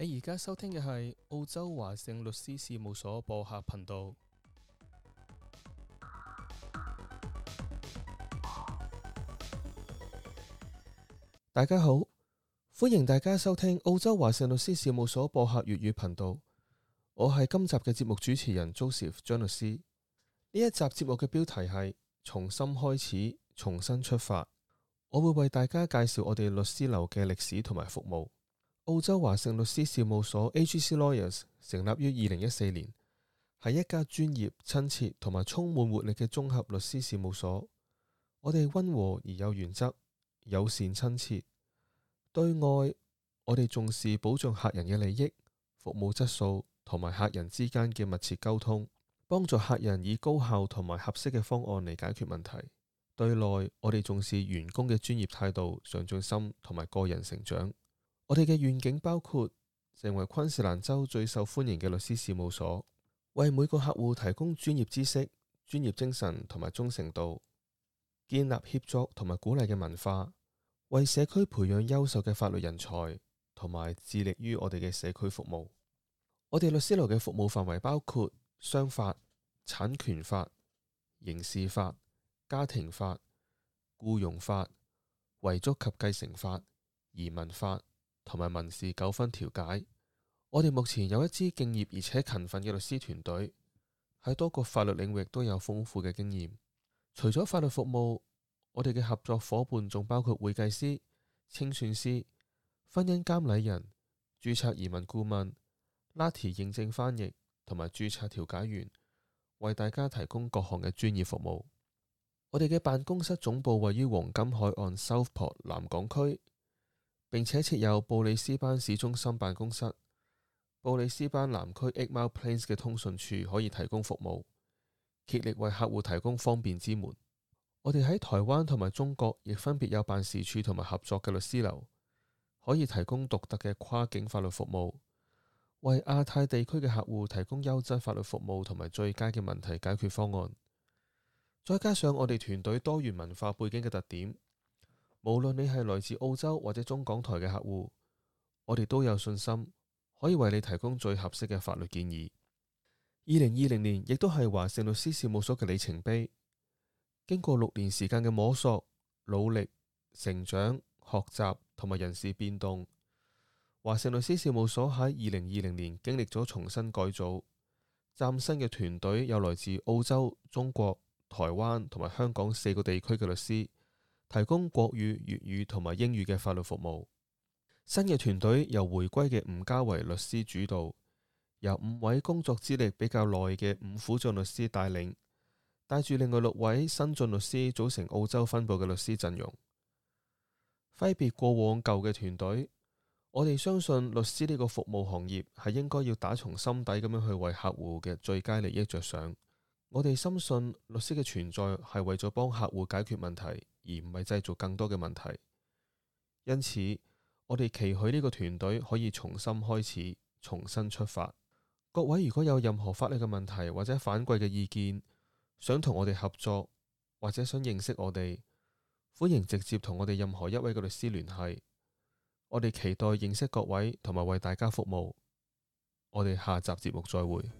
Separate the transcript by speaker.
Speaker 1: 你而家收聽嘅係澳洲華盛律師事務所播客頻道。大家好，歡迎大家收聽澳洲華盛律師事務所播客粵語頻道。我係今集嘅節目主持人 Joseph 張律師。呢一集節目嘅標題係從心開始，從新出發。我會為大家介紹我哋律師樓嘅歷史同埋服務。澳洲華盛律師事務所 （AGC Lawyers） 成立於二零一四年，係一家專業、親切同埋充滿活力嘅綜合律師事務所。我哋溫和而有原則，友善親切。對外，我哋重視保障客人嘅利益、服務質素同埋客人之間嘅密切溝通，幫助客人以高效同埋合適嘅方案嚟解決問題。對內，我哋重視員工嘅專業態度、上進心同埋個人成長。我哋嘅願景包括成為昆士蘭州最受歡迎嘅律師事務所，為每個客戶提供專業知識、專業精神同埋忠誠度，建立協作同埋鼓勵嘅文化，為社區培養優秀嘅法律人才，同埋致力於我哋嘅社區服務。我哋律師樓嘅服務範圍包括商法、產權法、刑事法、家庭法、雇傭法、遺囑及繼承法、移民法。同埋民事糾紛調解，我哋目前有一支敬業而且勤奮嘅律師團隊，喺多個法律領域都有豐富嘅經驗。除咗法律服務，我哋嘅合作伙伴仲包括會計師、清算師、婚姻監禮人、註冊移民顧問、NAATI 認證翻譯同埋註冊調解員，為大家提供各項嘅專業服務。我哋嘅辦公室總部位於黃金海岸 Southport 南港區。並且設有布里斯班市中心辦公室、布里斯班南區 Eight Mile Plains 嘅通訊處，可以提供服務，竭力為客戶提供方便之門。我哋喺台灣同埋中國亦分別有辦事處同埋合作嘅律師樓，可以提供獨特嘅跨境法律服務，為亞太地區嘅客戶提供優質法律服務同埋最佳嘅問題解決方案。再加上我哋團隊多元文化背景嘅特點。無論你係來自澳洲或者中港台嘅客戶，我哋都有信心可以為你提供最合適嘅法律建議。二零二零年亦都係華盛律師事務所嘅里程碑。經過六年時間嘅摸索、努力、成長、學習同埋人事變動，華盛律師事務所喺二零二零年經歷咗重新改造，嶄新嘅團隊有來自澳洲、中國、台灣同埋香港四個地區嘅律師。提供國語、粵語同埋英語嘅法律服務。新嘅團隊由回歸嘅吳家維律師主導，由五位工作資歷比較耐嘅五虎將律師帶領，帶住另外六位新進律師組成澳洲分部嘅律師陣容。揮別過往舊嘅團隊，我哋相信律師呢個服務行業係應該要打從心底咁樣去為客戶嘅最佳利益着想。我哋深信律師嘅存在係為咗幫客戶解決問題。而唔係製造更多嘅問題，因此我哋期許呢個團隊可以重新開始，重新出發。各位如果有任何法律嘅問題或者反饋嘅意見，想同我哋合作或者想認識我哋，歡迎直接同我哋任何一位嘅律師聯繫。我哋期待認識各位，同埋為大家服務。我哋下集節目再會。